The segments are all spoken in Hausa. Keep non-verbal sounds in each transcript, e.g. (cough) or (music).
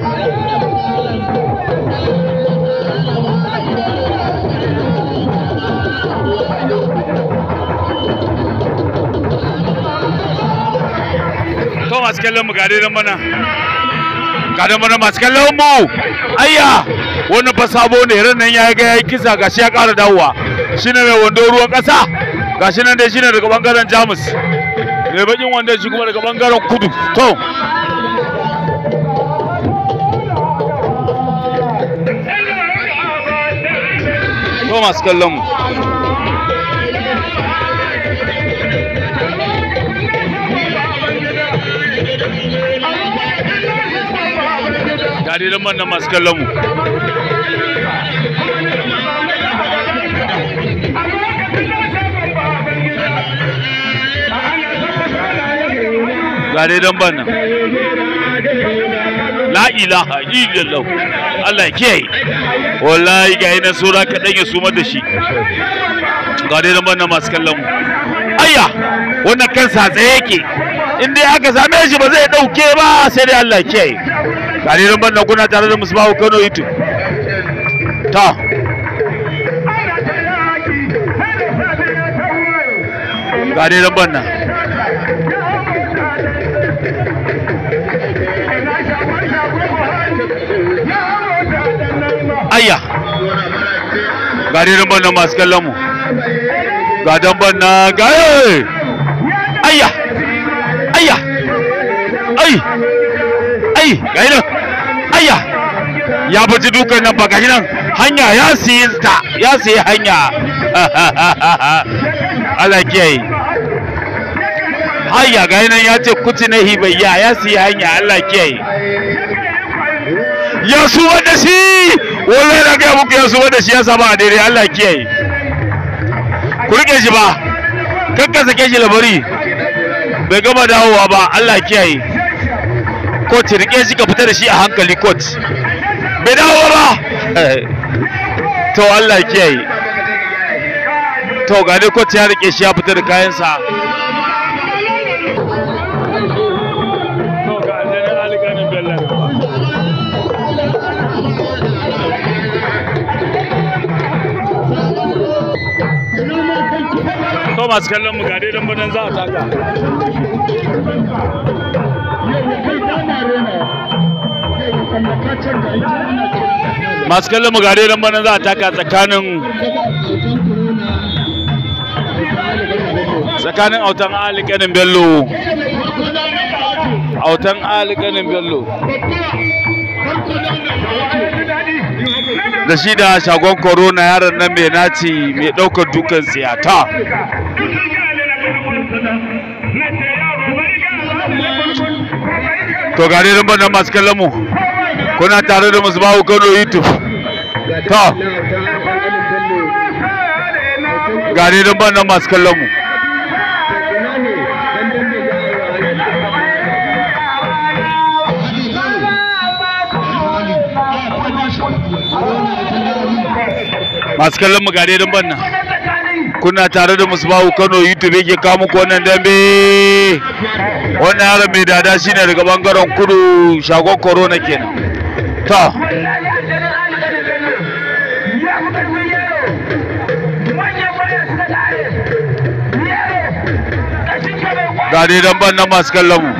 to masu kallon mu gare nan mana gare mana masu kallon mu ayya wani fa sabo ne ran nan ya ga yayi kisa gashi ya ƙara dawowa shine mai wando ruwan ƙasa gashi nan dai shine daga bangaren Jamus mai bakin wanda shi kuma daga bangaren Kudu to masu kallon mu jaririn man nan masu kallon mu jaririn man nan la ilaha illallah Allah kiyaye wallahi ga yana sura kaɗan ya sumar da shi ga dai nan masu kallon mu ayya wannan kansa tsaye yake in dai aka same shi ba zai ɗauke ba sai dai Allah yi ga dai nan kuna tare da musbahu Kano YouTube ta ga dai nan hayya ga dirin nan masu kallon mu ga dan banna ga ayya ayya ai ai ga nan ayya ya baji dukan nan ba ga nan hanya ya siye ta ya siye hanya (laughs) Allah yi hayya ga nan ya ce kuti na hibayya ya siye hanya Allah kiyaye ya suwa da shi wani yana gaya muku yanzu wanda shi ya saba a daidai Allah kiyaye ku rike shi ba kakka sake shi labari bai gama dawowa ba Allah kiyaye coach rike shi ka fita da shi a hankali coach bai dawo ba to Allah kiyaye to ga dai coach ya rike shi ya fita da kayansa to masu kallon mu gade don banan za a taka masu kallon mu gade don banan za a taka tsakanin tsakanin autan alikanin bello autan alikanin bello da shi da shagon corona yaron nan mai naci mai ɗaukar dukan siyata to gari rumbar nan masu kallon mu kuna tare da musu bawo kano youtube to gari rumbar nan masu kallon mu masu kallon mu gare don banna kuna tare da musbahu kano youtube yake kawo muku wannan dambe wannan yaro mai dada shine daga bangaren kudu shagon corona kenan to ga dai don banna masu kallon mu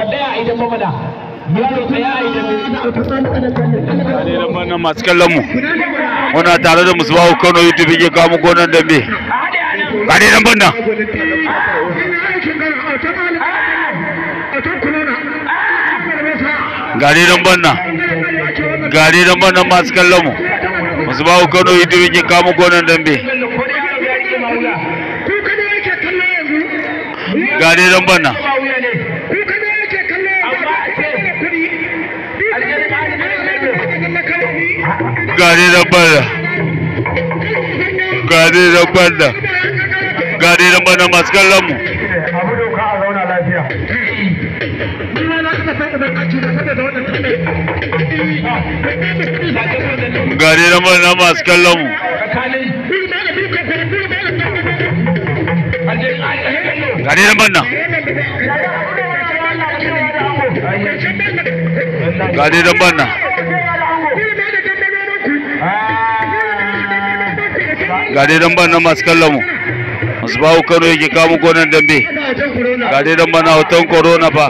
idan masu kallon mu muna tare da musubahu kano youtube yake kawo muku dambe ga dan banna gare nan banna masu kallon mu musubahu kano youtube yake kawo muku dambe gare dan banna gane na bana gane na bana gane na bana masu kallon mu abu na masu kallon mu na na ga dai dan bana masu kallon mu musbahu kano yake kamu gonan dambe ga dai dan bana hoton corona fa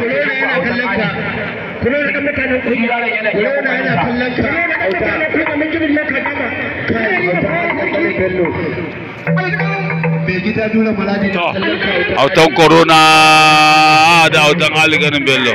autan corona ah, da autan aliganin bello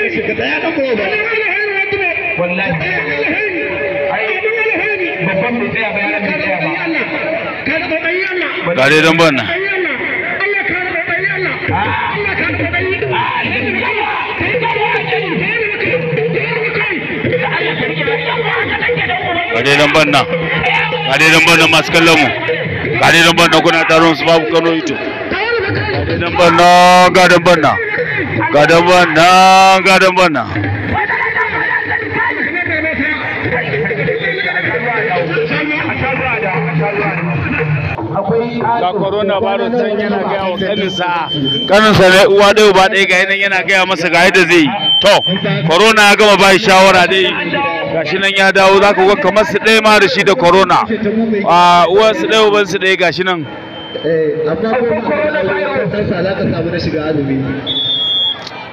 kashe ka tsaya kan buro ba wallahi na. bai tsaya ba yaran bai tsaya ba kare dan ban nan kare dan ban nan na kano gadon banna gadon banna ga corona virus yana gaya wa kaninsa kaninsa ne uwa ɗaya ba ɗaya ga yanan yana gaya masa ga yadda zai to corona ya gama bai shawara dai nan ya dawo za ka ɗaya ma da shi da corona a uwa su ɗaya uban su ɗaya nan eh, ka samu na shiga azumi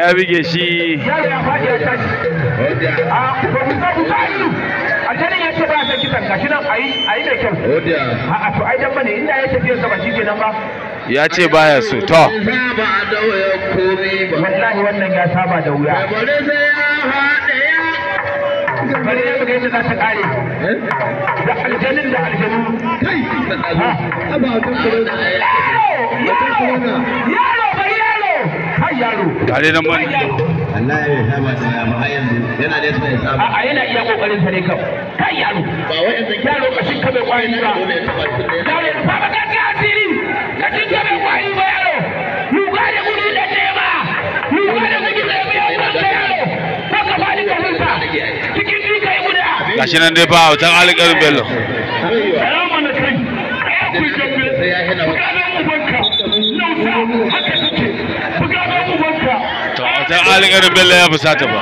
ya bige shi ya ce baya su to wallahi wannan ya saba da wuya bari ya buga yadda ta kare da aljanin da kai yaro tare da man yana a yana iya kokarin sa ne kan kai yaro ba wai yaro ka bai kwari ba yaro ya da ka asiri kashin ka bai ba yaro da da da da yaro ka fadi ka cikin duka ya guda gashi nan dai ba wutan alƙarin bello alikar bello ya fusata ba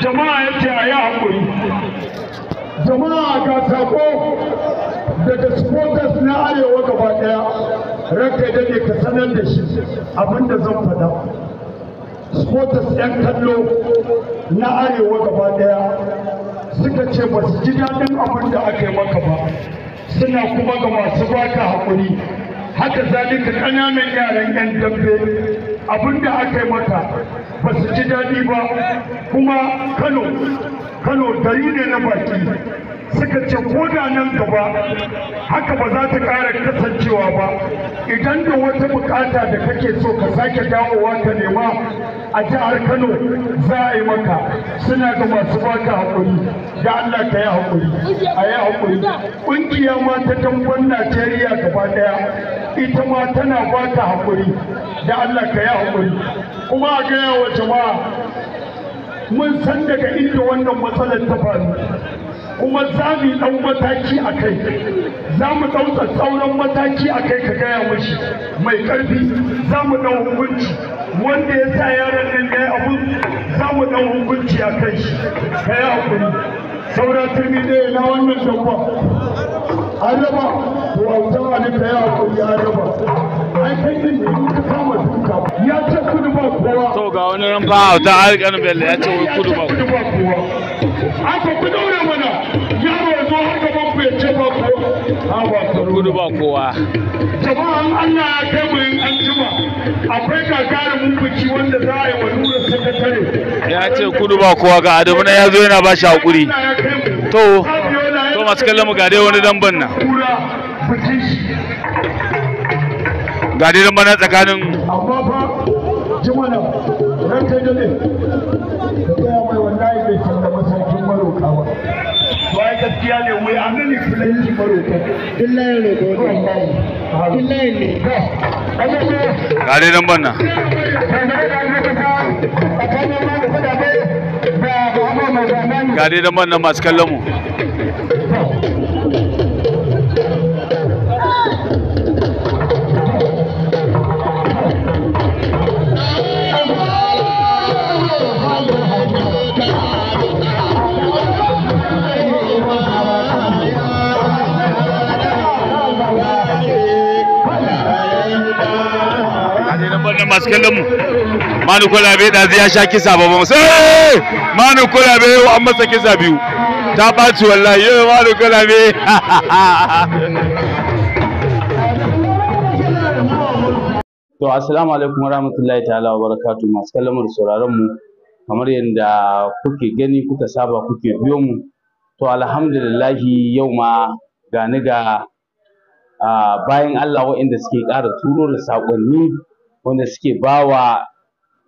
jama'a ya ce a yi haƙuri jama'a ga sako daga supporters na arewa gaba ɗaya ranka da ne ka sanar da shi abinda zan faɗa supporters 'yan kallo na arewa gaba daya suka ce ba su ji daɗin abin da aka yi maka ba suna kuma ga masu baka haƙuri haka zalika ƙananan yaran 'yan dambe abin da aka yi maka ba su ji daɗi ba kuma kano kano dari ne na baki suka ce ko nan gaba haka ba za ta ƙara kasancewa ba idan da wata bukata da kake so ka sake dawowa ka nema a jihar Kano za a yi maka suna ga masu baka haƙuri da Allah ka yi haƙuri a yi haƙuri ƙungiya mata ta tamban Najeriya gaba ɗaya ita ma tana baka haƙuri da Allah ka yi haƙuri kuma a gaya wa jama'a mun san daga inda wannan matsalar ta faru kuma za mu yi ɗan mataki a kai za mu ɗau tsauran mataki a kai ka gaya mashi mai ƙarfi za mu ɗau hukunci wanda ya sa yaran nan ya yi abun za mu ɗau hukunci a kai shi ka yi hakuri saura turmi ɗaya na wannan dabba a raba to a wuta ka yi hakuri a raba an kai din da ka kama duka ya ce kudu ba kowa to ga wani ran ba ta alƙanin bella ya ce kudu ba kowa aka kudu mana gudu ba kowa ya ce kudu ba kowa ga adamu na ya zo yana ba shi hakuri to to masu kallon mu ga dai wani damban nan ga dai damban nan tsakanin gaskiya ne wai an billahi wallahi kare nan banna masu kallon mu cikin kallon mu manu da ya sha kisa ba ba sai eh! manu kula yau an masa kisa biyu ta baci wallahi yau eh, manu bai (laughs) to assalamu alaikum warahmatullahi ta'ala wa barakatuh masu kallon mu sauraron mu kamar yadda kuke gani kuka saba kuke biyo mu to alhamdulillahi yau ma gani ga ah, bayan Allah waɗanda suke ƙara turo da saƙonni wanda suke bawa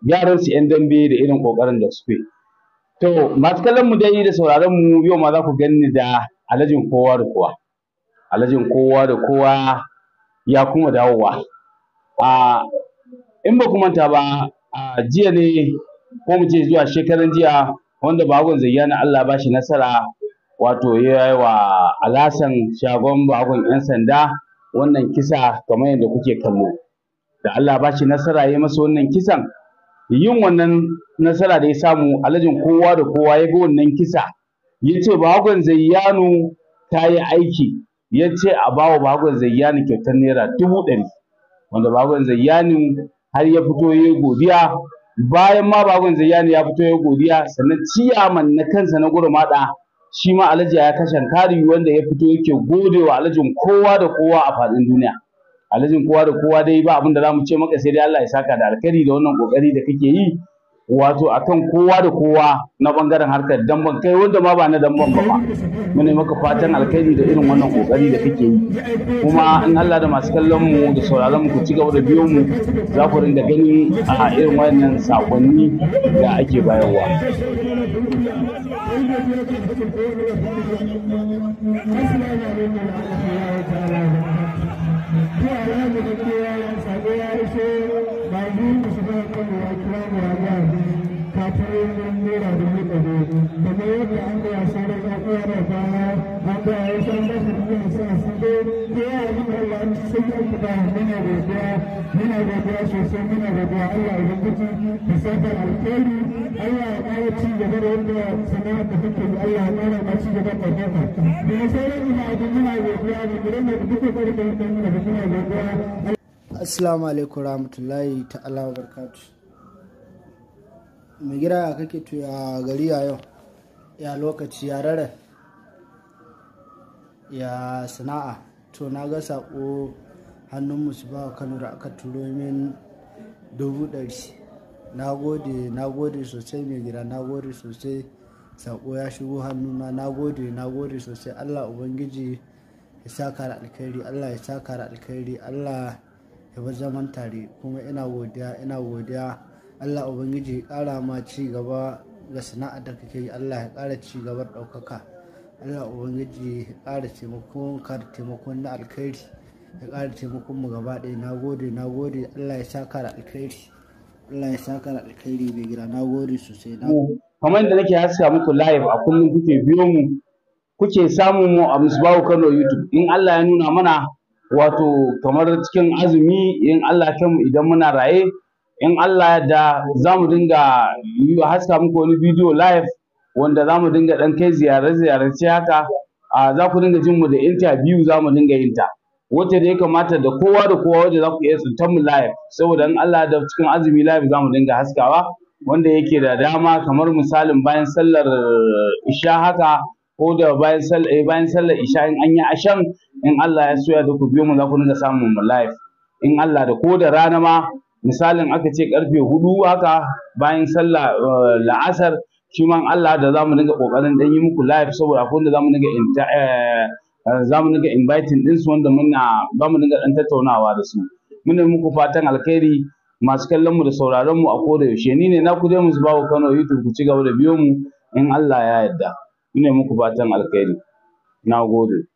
yaran su 'yan dambe da irin ƙoƙarin da suke to masu kallon mu dai da sauraron mu yau ma za ku ganni da alhajin kowa da kowa alhajin kowa da kowa ya kuma dawowa a in ba ku manta ba a jiya ne ko mu ce zuwa shekaran jiya wanda bagon zayyana Allah ba shi nasara wato ya yi wa alasan shagon bagon 'yan sanda wannan kisa kamar yadda kuke kallo da Allah ba shi nasara ya masa wannan kisan yin wannan nasara da ya samu alajin kowa da kowa ya ga wannan kisa ya ce bahagon zayyano ta yi aiki ya ce a bawa bagon zayyano kyautar naira dubu ɗari wanda bagon zayyano har ya fito ya godiya bayan ma bagon zayyano ya fito ya godiya sannan ciyaman na kansa na gurmaɗa shi ma alhaji ya kashe kari wanda ya fito yake gode wa alhajin kowa da kowa a faɗin duniya alhajin kowa da kowa dai ba abin da za mu ce maka sai dai Allah ya saka da alkhairi da wannan kokari da kake yi wato akan kowa da kowa na bangaren harkar damban kai wanda ma ba na damban ba mu maka fatan alkhairi da irin wannan kokari da kake yi kuma in Allah da masu kallon mu da sauraron mu ku ci gaba da biyo mu za ku ringa gani a irin wannan sakonni da ake bayarwa Thank sosai muna Allah ya da kake ya kake gari a yau, ya lokaci ya rare, ya sana'a, to na ga sako hannun musu ba kano da aka turo dubu ɗari na gode na gode sosai mai gida na gode sosai sako ya shigo hannuna na gode na gode sosai allah ubangiji ya sa kara alkhairi allah ya sa da alkhairi allah ya bar zaman tare kuma ina godiya ina godiya allah ubangiji ya kara ma ci gaba ga sana'a da kake yi allah ya kara ci gaba ɗaukaka allah ubangiji ya kara taimakon kar taimakon na alkhairi ya kara taimakon mu gaba ɗaya na gode na gode Allah ya saka da alkhairi Allah ya saka da alkhairi bai gida na gode sosai na kamar da nake haska muku live a kullum kuke biyo mu kuke samun mu a Musbahu Kano YouTube in Allah ya nuna mana wato kamar cikin azumi in Allah ya mu idan muna raye in Allah ya da za mu dinga haska muku wani bidiyo live wanda za mu dinga ɗan kai ziyare-ziyarance haka za ku dinga jin mu da interview za mu dinga yin ta wacce da ya kamata da kowa da kowa wacce za ku iya tsintar mu live saboda in Allah da cikin azumi live za mu dinga haskawa wanda yake da dama kamar misalin bayan sallar isha haka ko da bayan sallar eh, bayan sallar isha in an yi ashan in Allah ya soya da ku biyo mu za ku dinga samun mu live in Allah da ko da rana ma misalin aka ce karfe hudu haka bayan sallah eh, la'asar shi in Allah da za mu dinga kokarin dan yi muku live saboda akwai wanda za mu dinga eh, Eh, za mu dinga inviting su wanda muna ba mu dinga ɗan tattaunawa da su muna muku fatan alkhairi masu kallon mu da sauraron mu a koda yaushe ni ne na naku dai musu bawo Kano YouTube ku ci gaba da biyo mu in Allah ya yarda muna muku fatan alkhairi na gode